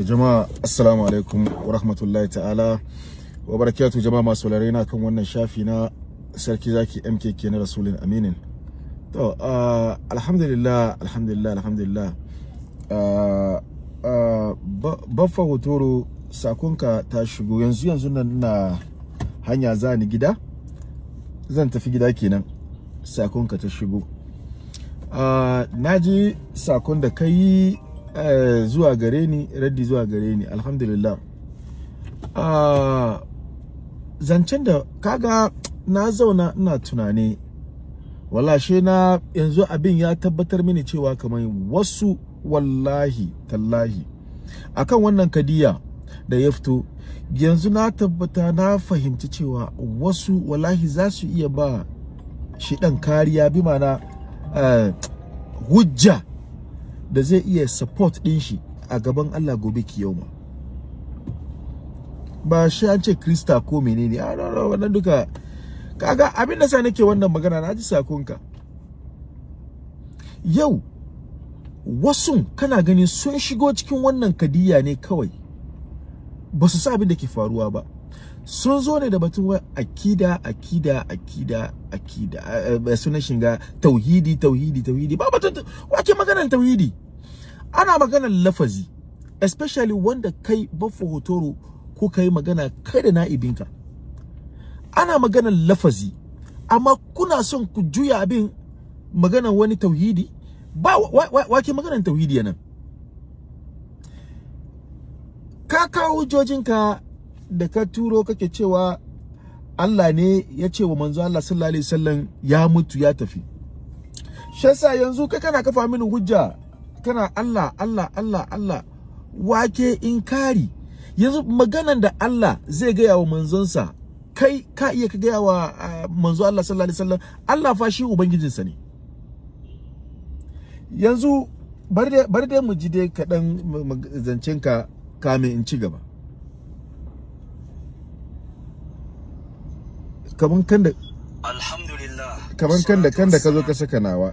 jama'a assalamu alaikum wa rahmatullahi ta'ala wa barakatu jama'a masu saurare na kan wannan shafi na sarki zaki mkk na rasulin aminin to alhamdulillah alhamdulillah alhamdulillah baffa hotoro sakonka ta shigo yanzu yanzu nan na hanya za ni gida zan tafi gida kenan sakonka ta shigo na ji sakon da ka yi Eh, zuwa gare ni raddi zuwa gare ni alhamdulillah ah, zancen da kaga na zauna ina tunani she na yanzu abin ya tabbatar mini cewa kamar wasu wallahi tallahi akan wannan kadiya da ya fito yanzu na tabbata na fahimci cewa wasu wallahi za su iya ba shi ɗan kariya bi mana eh, hujja da zai iya support din shi a gaban Allah gobe kiyama ba shi an ce krista ko menene a rara wannan duka kaga abin da sa nake wannan magana na ji sakonka yau wasu kana ganin sun shigo cikin wannan kadiya ne kawai ba su sa abin da ke faruwa ba sun zo ne da batun wa akida akida akida akida eh, eh, sunan shiga tauhidi tauhidi tauhidi ba batun wace maganar tauhidi ana maganar lafazi especially wanda kai baffa hotoro ko kai magana kai da na'ibinka ana maganar lafazi amma kuna son ku juya abin magana wani tauhidi ba wake magana tauhidi yanan ka kawo hujjojinka da ka turo kake cewa Allah ne ya ce wa manzo Allah sallallahu alaihi wasallam ya mutu ya tafi shi yanzu kai kana kafa mini hujja tana Allah Allah Allah Allah wake inkari yanzu maganan da Allah zai gaya wa manzonsa kai ka iya ka gaya wa ah, manzo Allah sallallahu alaihi wasallam Allah fa shi ubangijinsa ne yanzu bari dai mu ji dai kaɗan zancen ka kame in ci gaba kaman kan da alhamdulillah kaman kan da kan da ka zo ka saka nawa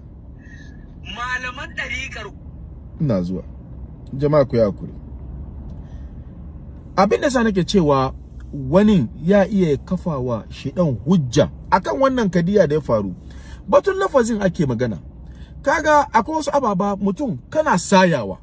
malaman ɗarikar ina zuwa jama'a ku ya hakuri abin da sa nake cewa wani ya iya kafawa shedan hujja akan wannan kadiya da ya faru batun lafazin ake magana kaga akwai wasu ababa mutum kana sayawa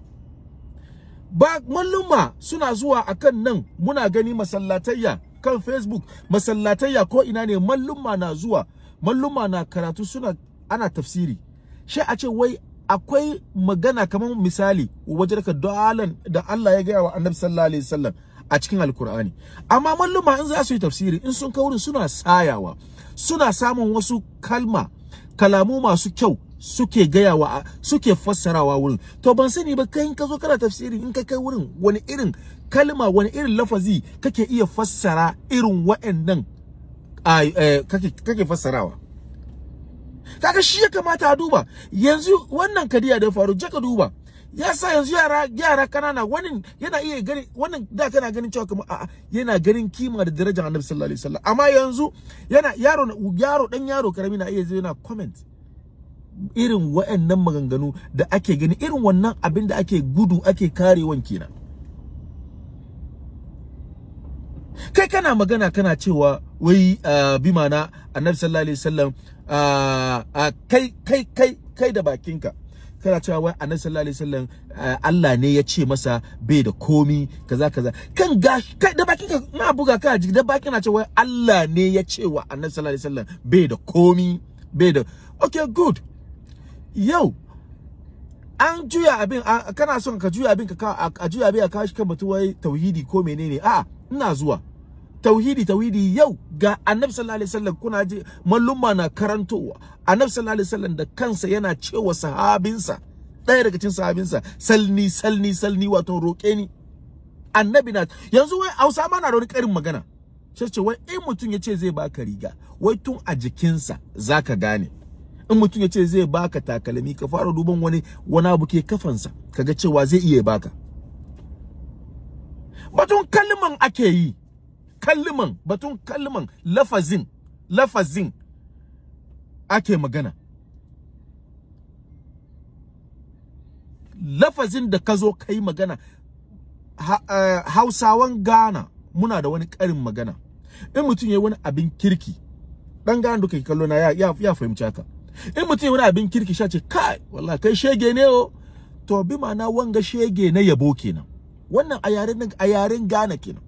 ba malluma suna zuwa akan nan muna gani masallatayya kan facebook masallatayya ko ina ne malluma na zuwa malluma na karatu suna ana tafsiri shi a ce wai akwai magana kamar misali wajen ka dalan da Allah ya gaya wa Annabi sallallahu alaihi wasallam a cikin Alkur'ani amma malluma in za su yi tafsiri in sun kawo suna sayawa suna samun wasu kalma kalamu masu kyau suke gayawa suke fassarawa wurin to ban sani ba kai in ka zo kana tafsiri in ka kai wurin wani irin kalma wani irin lafazi kake iya fassara irin waɗannan eh, kake fassarawa kaga shi ya kamata a duba yanzu wannan kadiya da faru je ka duba ya sa yanzu yara yara kanana wani yana iya gani wannan da kana ganin cewa kuma a'a yana ganin kima da darajar Annabi sallallahu alaihi wasallam amma yanzu yana yaro yaro dan yaro karami na iya zo yana comment irin wa'annan maganganu da ake gani irin wannan abin da ake gudu ake karewan kenan kai kana magana kana cewa wai bi mana annabi sallallahu alaihi wasallam kai kai kai kai da bakinka kana cewa wai annabi sallallahu alaihi wasallam Allah ne ya ce masa bai da komi kaza kaza kan gashi kai da bakinka na buga ka ji da bakin na cewa Allah ne ya ce wa annabi sallallahu alaihi wasallam bai da komi bai da okay good yau an juya abin kana son ka juya abin ka a juya abin ka shi kan mutu wai tauhidi ko menene a'a ina zuwa tauhidi tauhidi yau ga annabi sallallahu alaihi wasallam kuna ji malluma na karantowa annabi sallallahu alaihi wasallam da kansa yana cewa sahabinsa ɗaya daga cikin sahabinsa salni salni salni wato roƙe ni annabi na yanzu wai Hausa ma na da wani ƙarin magana sai ce wai in mutum ya ce zai baka riga wai tun a jikinsa zaka gane in mutum ya ce zai baka takalmi ka fara duban wani wani abu ke kafansa kaga cewa zai iya baka batun kalman ake yi kalman batun kalman lafazin lafazin ake magana lafazin da ka zo ka yi magana ha, uh, hausawan ghana muna da wani karin magana in mutum ya wani abin kirki ɗan ghana duka kallo na ya, ya, ya fahimci haka in mutum ya wani abin kirki sha ce kai wallahi kai shege ne o oh. to bi ma'ana wanga shege na yabo kenan wannan a yaren a yaren Ghana kenan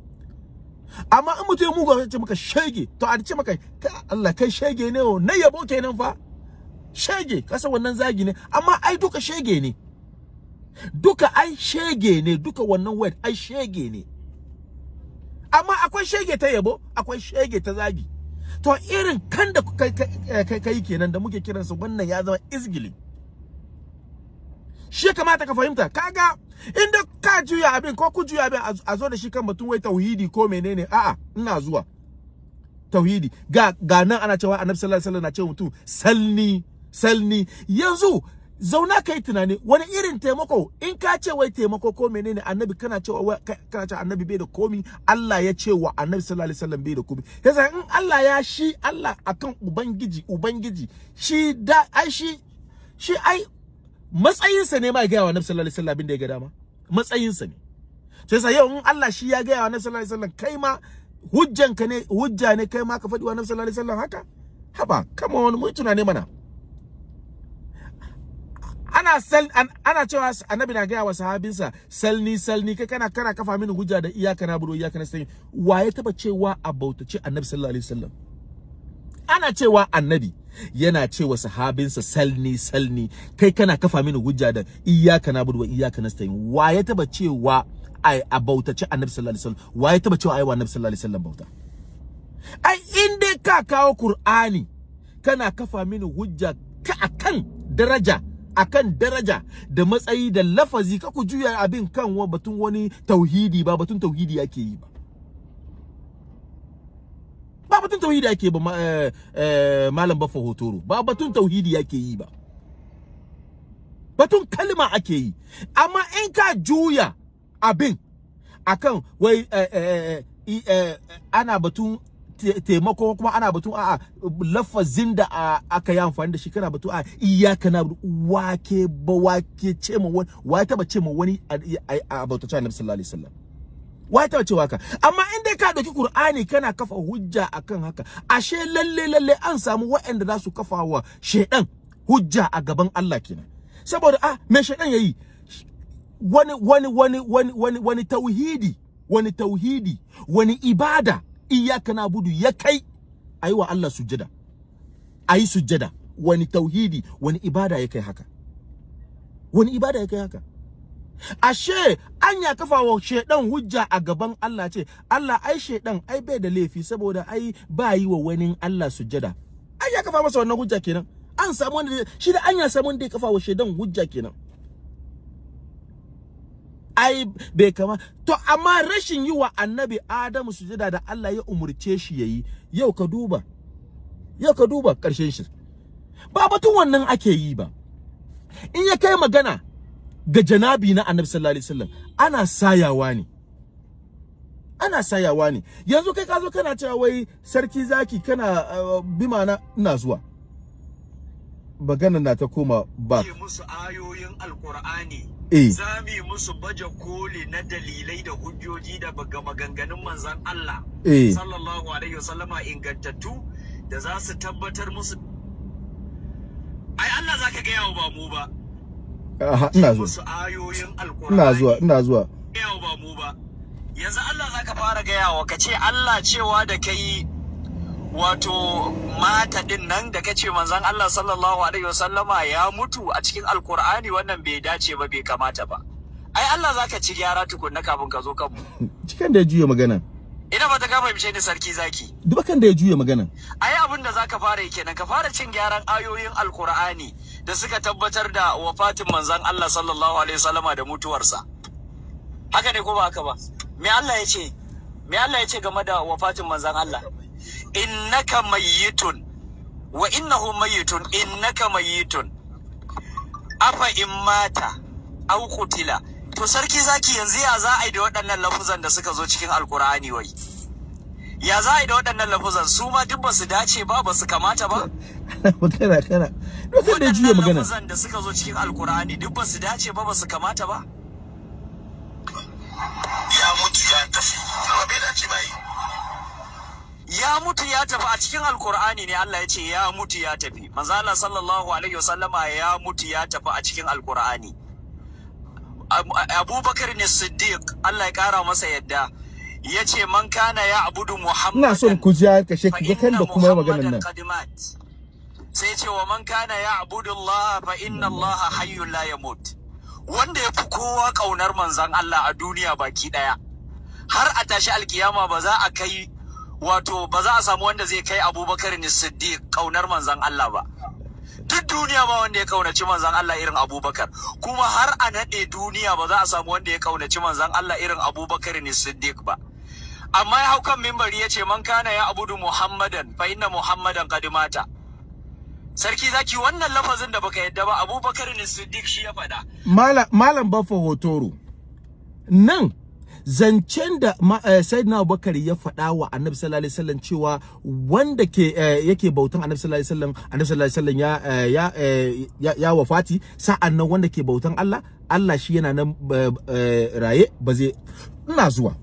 amma in mutum mu ga ce maka shege to a ce maka ka Allah kai shege ne o na yabo kenan fa shege kasa wannan zagi ne amma ai duka shege ne duka ai shege ne duka wannan word ai shege ne amma akwai shege ta yabo akwai shege ta zagi to irin kan da kai kai kenan da muke kiransa wannan ya zama izgili shi ya kamata ka fahimta kaga inda ka juya abin ko ku juya abin a zo da shi kan batun wai tauhidi ko menene a'a ina zuwa tauhidi ga ga nan ana cewa annabi sallallahu alaihi wasallam na ce mutum salni salni yanzu zauna kai tunani wani irin taimako in ka ce wai taimako ko menene annabi kana cewa kana cewa annabi bai da komi Allah ya ce wa annabi sallallahu alaihi wasallam bai da komi yasa in Allah ya shi Allah akan ubangiji ubangiji shi da ai shi shi ai matsayinsa ne ma ya gaya wa nabi sallallahu alaihi wasallam da ya ga dama matsayinsa ne sai sa yau in Allah shi ya gaya wa nabi sallallahu alaihi wasallam kai ma hujjanka ne hujja ne kai ma ka faɗi wa nabi sallallahu alaihi wasallam haka haba kama wani na tunane mana ana sal ana cewa annabi na gaya wa sahabinsa salni salni kai kana kana kafa mini hujja da iyaka na buru iyaka na Wa waye taba cewa a bautace annabi sallallahu alaihi wasallam ana cewa annabi yana cewa sahabinsa salni salni kai kana kafa mini hujja da iyyaka na'budu wa iyyaka nasta'in wa ya taba cewa ai a bautaci annabi sallallahu alaihi wasallam wa ya taba cewa ai wa annabi sallallahu alaihi wasallam bauta ai in dai ka kawo qur'ani kana kafa mini hujja ka akan daraja akan daraja da matsayi da lafazi ka ku juya abin kan batun wani tauhidi ba batun tauhidi yake yi ba ba batun tauhidi yake ba eh, eh, malam baffa hotoro ba batun tauhidi yake yi ba batun kalma ake yi amma in ka juya abin akan wai eh, ana batun taimako kuma ana batun a'a lafazin da aka yi amfani da shi kana batun a iyaka na wake ba wake ce ma wani ta ba ce ma wani a bautaci annabi sallallahu alaihi wasallam wata ta waka ka amma in dai ka dauki Qur'ani kana kafa hujja akan haka ashe lalle lalle an samu waɗanda za su kafa wa shedan hujja a gaban Allah kenan saboda ah me shedan yayi wani wani wani wani wani wani tauhidi wani tauhidi wani ibada iyyaka nabudu ya kai ayi wa Allah sujjada ayi sujjada wani tauhidi wani ibada ya kai haka wani ibada ya kai haka ashe an ya kafa wa shedan hujja a gaban Allah ce Allah ai shedan ai bai da laifi saboda ai ba yi wa wani Allah sujjada an ya kafa masa wannan hujja kenan an samu wanda shi da an ya samu wanda ya kafa wa shedan hujja kenan ai bai kama to amma rashin yi wa annabi Adamu sujjada da Allah ya umurce shi yayi yau ka duba yau ka duba karshen shi ba batun wannan ake yi ba in ya kai magana ga janabi na annabi sallallahu alaihi wasallam ana sayawa ne ana sayawa ne yanzu kai ka zo kana cewa wai sarki zaki kana uh, bi mana ina zuwa maganar na ta koma ba musu ayoyin alkur'ani eh. za Zami musu baje koli na dalilai da hujjoji da baga maganganun manzan Allah eh. sallallahu alaihi wasallama ingantattu da za su tabbatar musu ai Allah zaka ga yawo ba mu ba aha ina zuwa ina zuwa ina zuwa yau ba mu ba yanzu Allah zaka fara gayawa ka ce Allah cewa da kai wato mata din nan da kace manzon Allah sallallahu alaihi wasallama ya mutu a cikin alkur'ani wannan bai dace ba bai kamata ba ai Allah zaka ci gyara tukunna kafin ka zo kan mu cikin da ya juya magana ina ba ta ka fahimce ni sarki zaki duba kan da ya juya magana ai abin da zaka fara yi kenan ka fara cin gyaran ayoyin alkur'ani da suka tabbatar da wafatin manzan Allah sallallahu alaihi wasallama da mutuwarsa haka ne ko ba haka ba me Allah ya ce me Allah ya ce game da wafatin manzan Allah innaka mayyitun wa innahu mayyitun innaka mayyitun afa in mata aw qutila to sarki zaki yanzu ya za a yi da waɗannan lafuzan da suka zo cikin alkur'ani wai ya za a yi da waɗannan lafuzan su ma duk ba su dace ba ba su kamata ba kana kana dokar da juya magana waɗannan da suka zo cikin alkur'ani duk ba su dace ba ba su kamata ba ya mutu ya tafi ba bai dace ba yi ya mutu ya tafi a cikin alkur'ani ne Allah ya ce ya mutu ya tafi manzo Allah sallallahu alaihi wasallama ya mutu ya tafi a cikin alkur'ani Abubakar ne Siddiq Allah ya kara masa yadda ya ce man kana ya abudu Muhammad ina son ku ji kashe ku kan da kuma maganar nan sai ce wa man kana ya abudullah fa inna Allah hayyun la yamut wanda ya fi kowa kaunar manzan Allah a duniya baki ɗaya. har a tashi alkiyama ba za a kai wato ba za a samu wanda zai kai Abubakar ni Siddiq kaunar manzan Allah ba duk duniya ba wanda ya kaunaci manzan Allah irin Abubakar kuma har a naɗe duniya ba za a samu wanda ya kaunaci manzan Allah irin Abubakar ni Siddiq ba amma ya hau kan mimbari ya ce man kana ya abudu Muhammadan fa Muhammadan kadimata. sarki zaki wannan lafazin da baka yadda ba abubakar ne siddiq shi ya faɗa malam baffa hotoro nan zancen da eh, sayyidina abubakar ya faɗa wa annabi sallallahu alaihi wasallam cewa wanda ke eh, yake bautan annabi sallallahu alaihi wasallam annabi sallallahu alaihi wasallam ya eh, ya ya wafati sa'annan wanda ke bautan Allah Allah shi yana nan raye ba zai ina zuwa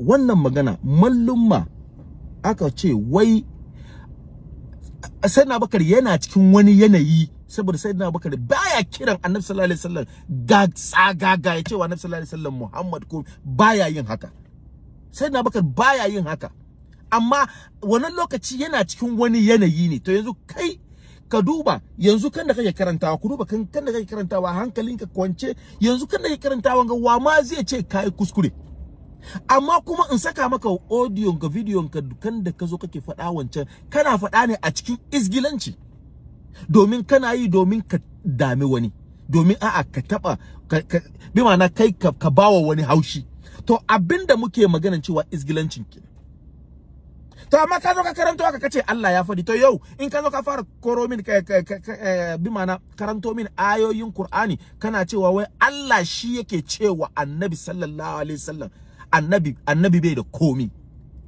wannan magana mallumma aka ce wai sayyidina bakar yana cikin wani yanayi saboda sayyidina bakar baya kiran annabi sallallahu alaihi wasallam ga tsagaga ya wa annabi sallallahu alaihi wasallam muhammad ko baya yin haka sayyidina bakar baya yin haka amma wannan lokaci yana cikin wani yanayi ne to yanzu kai ka duba yanzu kan da kake karantawa ku duba kan da kake karantawa hankalinka kwance yanzu kan da kake karantawa ga wa ma zai ce kai kuskure amma kuma in saka maka audio ka video ka dukan da kazo kake faɗa wancan kana faɗa ne a cikin isgilanci domin kana yi domin ka dami wani domin a'a ka taba bi ma'ana kai ka, ka bawa wani haushi to abinda muke magana cewa isgilancin ki to amma ka zo ka karanto ka kace Allah ya faɗi to yau in ka zo ka fara koro min ka eh, bi ma'ana karanto min ayoyin Qur'ani kana cewa wai Allah shi yake cewa Annabi sallallahu alaihi wasallam annabi annabi bai da komi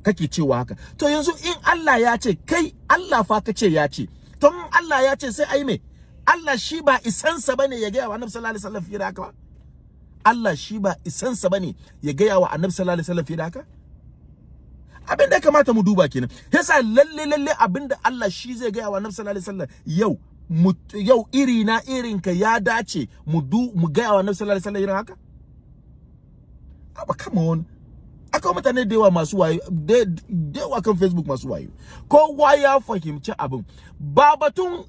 kake cewa haka to yanzu in Allah ya ce kai Allah fa kace ya ce to in Allah ya ce sai ai me Allah shi ba isansa bane ya gaya wa annabi sallallahu alaihi wasallam fiye da haka ba Allah shi ba isansa bane ya gaya wa annabi sallallahu alaihi wasallam fiye da haka abin da kamata mu duba kenan yasa lalle lalle abin da Allah shi zai gaya wa annabi sallallahu alaihi wasallam yau yau iri na irinka ya dace mu du mu gaya wa annabi sallallahu alaihi wasallam haka But come on. Akwai mutane da yawa masu wayo, da yawa kan Facebook masu wayo. Kowa ya fahimci abin. Ba batun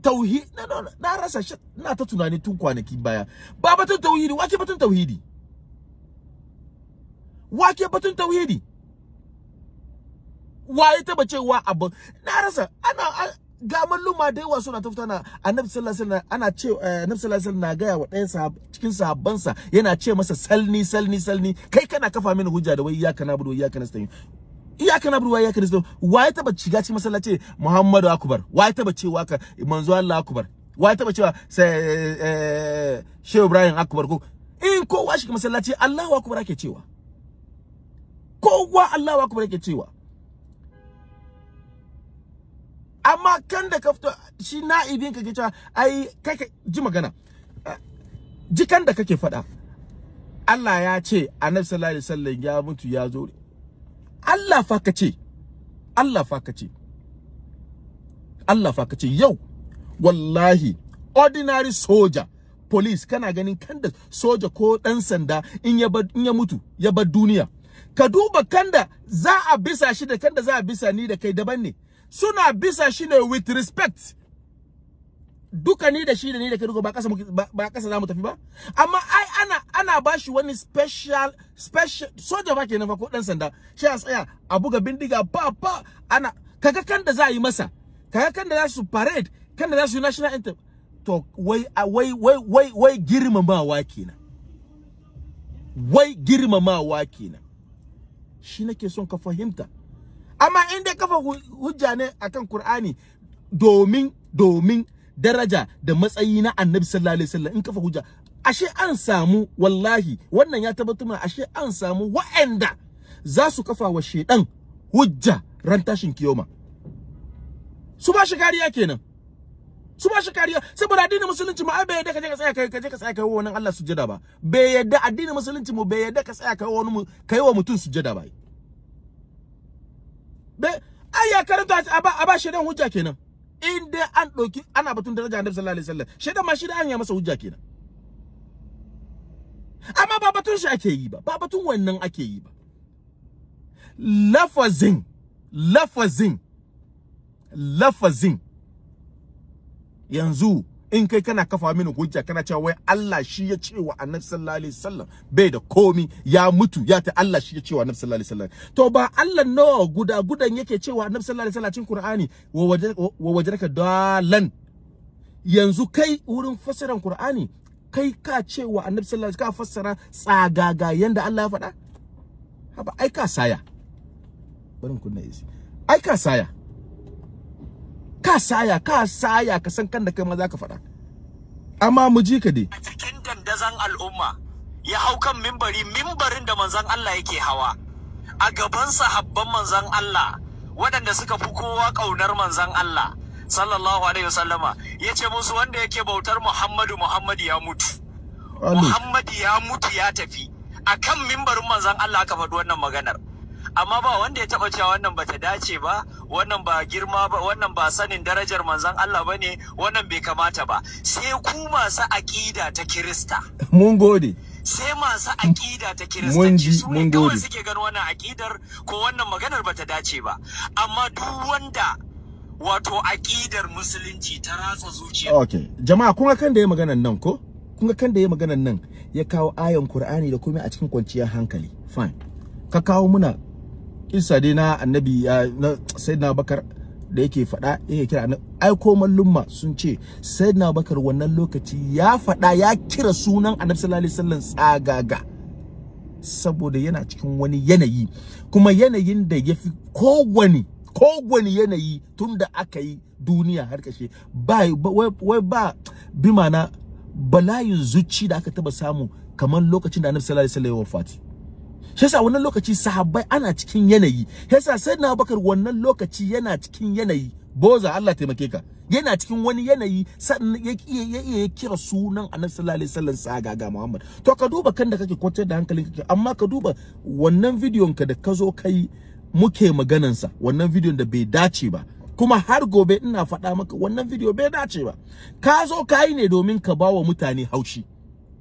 tauhidi, na na rasa shi, na ta tunani tun kwanaki baya. Ba batun tauhidi, wake batun tauhidi. Wake batun tauhidi. Waye taba wa abin, na rasa, ana ga malluma da wa suna tafta na annabi sallallahu alaihi wasallam ana ce eh, annabi sallallahu alaihi wasallam na gaya wa ɗayan sahab cikin sahabbansa yana ce masa salni salni salni kai kana kafa mini hujja da wai iyyaka na'budu wa iyyaka iya kana na'budu wa kana nasta'in wai taba shiga cikin masallaci Muhammadu akbar wai taba cewa ka manzo Allah akbar wai taba cewa sai eh, eh, Shehu Ibrahim akbar ko in kowa shiga masallaci Allahu akbar ake cewa kowa Allahu akbar ake cewa amma kan da ka fito shi na'ibin ka ke cewa ai kai ji magana ji kan da kake faɗa Allah ya ce annabi sallallahu alaihi wasallam ya mutu ya zo Allah fa ka ce Allah fa ka ce Allah fa ka ce yau wallahi ordinary soldier police kana ganin kan da soja ko dan sanda in ya in ya mutu ya bar duniya ka duba kan da za a bisa shi da kan da za a bisa ni da kai daban ne suna bisa shi ne with respect duka ni da shi da ni da ke duka ba kasa ba kasa zamu tafi ba amma ai ana ana bashi wani special special soja ba kenan fa ko dan sanda shi a tsaya a buga bindiga ba ba ana kaga kan da za a yi masa kaga kan da za su parade kan da za su national anthem to wai wai wai wai wai girmamawa kenan wai girmamawa kenan shi nake son ka fahimta amma in dai kafa hujja ne akan Qur'ani domin domin daraja da matsayi na Annabi sallallahu alaihi wasallam in kafa hujja ashe an samu wallahi wannan ya tabbatar mana ashe an samu wa'anda za su kafa wa shedan hujja ran tashin kiyoma su ba shi kariya kenan su ba shi kariya saboda addinin musulunci ma ai bai yadda ka je ka tsaya ka je ka tsaya kai wa wannan Allah sujjada ba bai yadda addinin musulunci mu bai yadda ka tsaya kai wa wani kai wa mutum sujjada ba ai ya karanta a ba a ba shedan hujja kenan in dai an ɗauki ana batun daraja annabi sallallahu alaihi wasallam shedan ma shida an ya masa hujja kenan amma ba batun shi ake yi ba ba batun wannan ake yi ba lafazin lafazin lafazin yanzu in kai kana kafa mini hujja kana cewa wai Allah shi ya ce wa Annabi sallallahu alaihi wasallam bai da komi ya mutu ya ta Allah shi ya ce wa Annabi sallallahu alaihi wasallam to ba Allah nawa guda gudan yake cewa Annabi sallallahu alaihi wasallam cikin Qur'ani wa wajraka dalan yanzu kai wurin fassarar Qur'ani kai ka ce wa Annabi sallallahu alaihi wasallam ka fassara tsagaga yanda Allah ya faɗa haba ai ka saya barin kunna isi ai ka saya ka saya ka saya ka san kan da kai ma za ka faɗa amma mu ji ka dai a cikin dandazan al'umma ya hau kan minbari mimbarin da manzon Allah yake hawa a gaban sahabban manzon Allah waɗanda suka fi kowa ƙaunar manzon Allah sallallahu alaihi wasallama ya ce musu wanda yake bautar Muhammadu Muhammadu ya mutu Muhammadu ya mutu ya tafi akan mimbarin manzon Allah aka faɗi wannan maganar amma ba wanda ya taba cewa wannan bata dace ba wannan ba girma ba wannan ba sanin darajar manzon Allah bane wannan bai kamata ba sai ku masu aqida ta Kirista mun gode sai masu aƙida ta kiristanci su ne kawai suke ganin wannan aƙidar ko wannan maganar bata dace ba amma duk wanda wato aƙidar musulunci ta ratsa zuciya okay jama'a kun ga kan da ya maganar nan ko kun ga kan da ya maganar nan ya kawo ayan Qur'ani da komai a cikin kwanciyar hankali fine ka kawo muna isa dai na annabi na sayyidina bakar da yake faɗa yake kira ai ko mallumma sun ce sayyidina bakar wannan lokaci ya fada ya kira sunan annabi sallallahu alaihi wasallam tsagaga saboda yana cikin wani yanayi kuma yanayin da ya fi kowane yanayi tun da aka yi duniya har kashe wai ba bi mana balayin zuci da aka taba samu kamar lokacin da annabi sallallahu alaihi wasallam ya wafati yasa wannan lokaci sahabbai ana cikin yanayi yasa sayyidina Abubakar wannan lokaci yana cikin yanayi boza Allah taimake ka yana cikin wani yanayi sannan ya iya ya kira sunan Annabi sallallahu alaihi wasallam ga Muhammad to ka duba kan da kake kwantar da hankalin kake amma ka duba wannan bidiyon ka da kazo zo kai muke maganan sa wannan bidiyon da bai dace ba kuma har gobe ina faɗa maka wannan bidiyo bai dace ba ka zo kai ne domin ka ba wa mutane haushi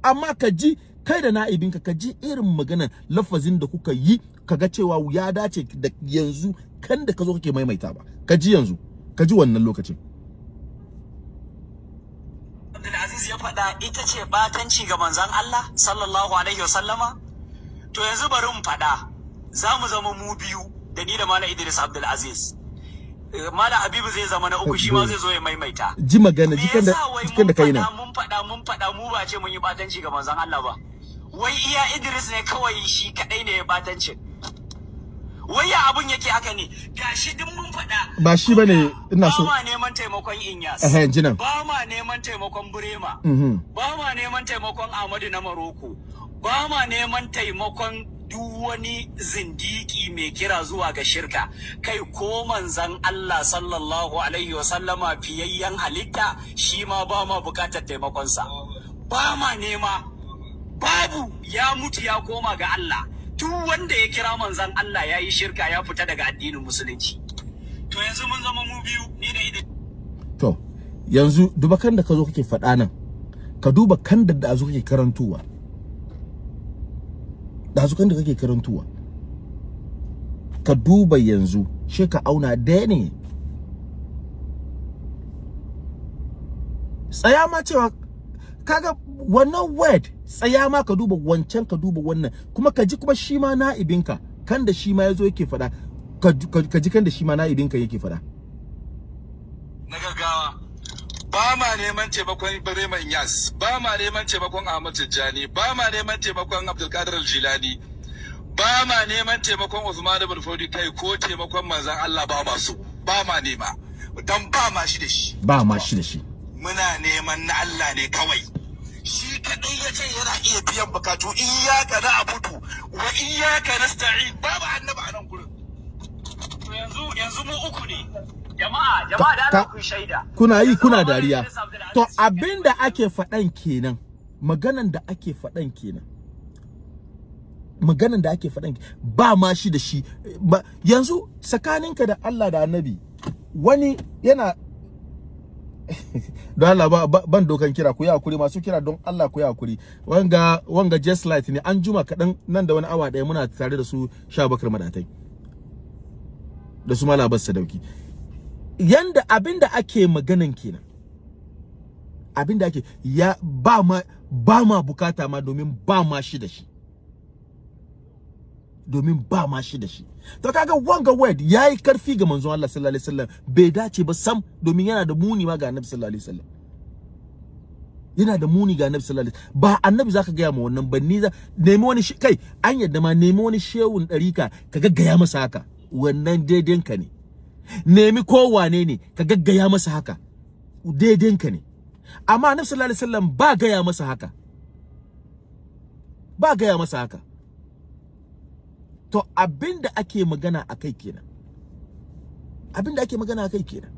amma ka ji kai da na'ibinka ka ji irin maganar lafazin da kuka yi kaga cewa ya dace da yanzu kan da ka kake maimaita ba ka ji yanzu ka ji wannan lokacin Abdulaziz ya faɗa ita ce batanci ga manzon Allah sallallahu alaihi wasallama to yanzu bari mu faɗa za mu zama mu biyu da ni da Malam Idris Abdulaziz Eh, Mala Habibu zai zama na uku shi ma eh, zai zo ya maimaita. Ji magana jikin da jikin da kai nan. Mun faɗa mun faɗa mu ba ce mun yi batanci ga manzon Allah ba. Wai iya Idris ne kawai shi kadai ne ya batanci Wai ya abun yake haka ne gashi duk mun faɗa. Ba shi bane ina so. Ba ma neman taimakon Inyas. Eh jinan. Ba ma neman taimakon Burema. Mhm. Ba ma neman taimakon Ahmadu na Maroko. Ba ma neman taimakon duk wani zindiki mai kira zuwa ga shirka kai ko manzan Allah sallallahu alaihi wasallama fiyayyen halitta shi ma ba ma bukatar taimakonsa ba ma nema babu ya mutu ya koma ga Allah duk wanda ya kira manzan Allah ya yi shirka ya fita daga addinin musulunci to yanzu mun zama mu biyu ni da idan to yanzu duba kan da ka zo kake faɗa nan ka duba kan da da zo kake karantuwa dazukan da kake karantuwa ka duba yanzu she ka auna daya ne tsaya ma cewa kaga wannan word tsaya ma ka duba wancan ka duba wannan kuma ka ji kuma shi ma na'ibinka kan da shi ma yazo yake faɗa ka ji kan da shi ma na'ibinka yake fada na ba ma neman taimakon Bremen Yas, ba ma neman taimakon Ahmad Tijjani, ba ma neman taimakon Abdulkadir Jilani, ba ma neman taimakon Usman Bulfodi kai ko taimakon manzan Allah ba ma so, ba ma nema. Dan ba ma shi da shi. Ba ma shi da shi. Muna neman na Allah ne kawai. Shi kaɗai ya ce yana iya biyan bukatu ka na abutu wa iyaka nasta'in babu annaba a nan gurin. yanzu yanzu mu uku ne. Jama'a, da ku shaida. Kuna yi kuna dariya. To abinda ake faɗan kenan. Maganan da ake faɗan kenan. Maganan da ake faɗan ba ma shi da shi. Yanzu tsakaninka da Allah da Annabi wani yana don Allah ba ban dokan kira ku yi hakuri masu kira don Allah ku yi hakuri wanga wanga just light ne an juma kaɗan nan da wani awa ɗaya muna tare da su sha bakar madatai da su malam abbas sadauki yanda abin da ake maganan kenan abin da ake ya ba ma ba ma bukata ma domin ba ma shi da shi domin ba ma shi da shi to kaga wanga word yayi karfi ga manzon Allah sallallahu alaihi wasallam bai dace ba sam domin yana da muni ma ga annabi sallallahu alaihi wasallam yana da muni ga annabi sallallahu alaihi wasallam ba annabi zaka gaya ma wannan ba ni za nemi wani shi kai an yadda ma nemi wani shehun ka kaga gaya masa haka wannan ka ne nemi ko wane ne ka gaggaya masa haka ka ne amma annabi sallallahu alaihi wasallam ba gaya masa haka ba gaya masa haka to abinda ake magana a kai kenan abinda ake magana a kai kenan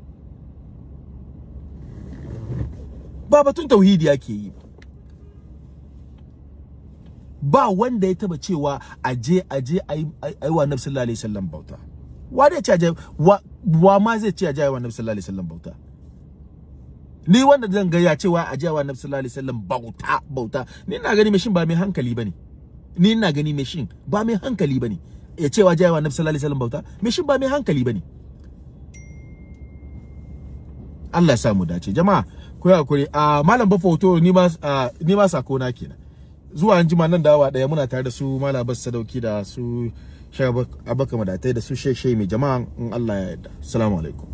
ba batun tauhidi ake yi ba wanda ya taba cewa aje aje ayi wa annabi sallallahu alaihi wasallam bauta wa dai ci ajayi wa ma zai ci ajayi wa na sallallahu alaihi wasallam bauta ni wanda zan ga ya cewa ajayi wa na sallallahu alaihi wasallam bauta bauta ni ina gani mishin ba mai hankali bane ni ina gani mishin ba mai hankali bane ya cewa ajayi wa na sallallahu alaihi wasallam bauta mishin ba mai hankali bane Allah ya sa mu dace jama'a ku yi hakuri a malam ba foto ni ma ni ma sako na kenan zuwa anjima nan dawa daya muna tare da su malam bas sadauki da su shai abaka madatai da su shai shai mai jama'a in Allah ya yarda assalamu alaikum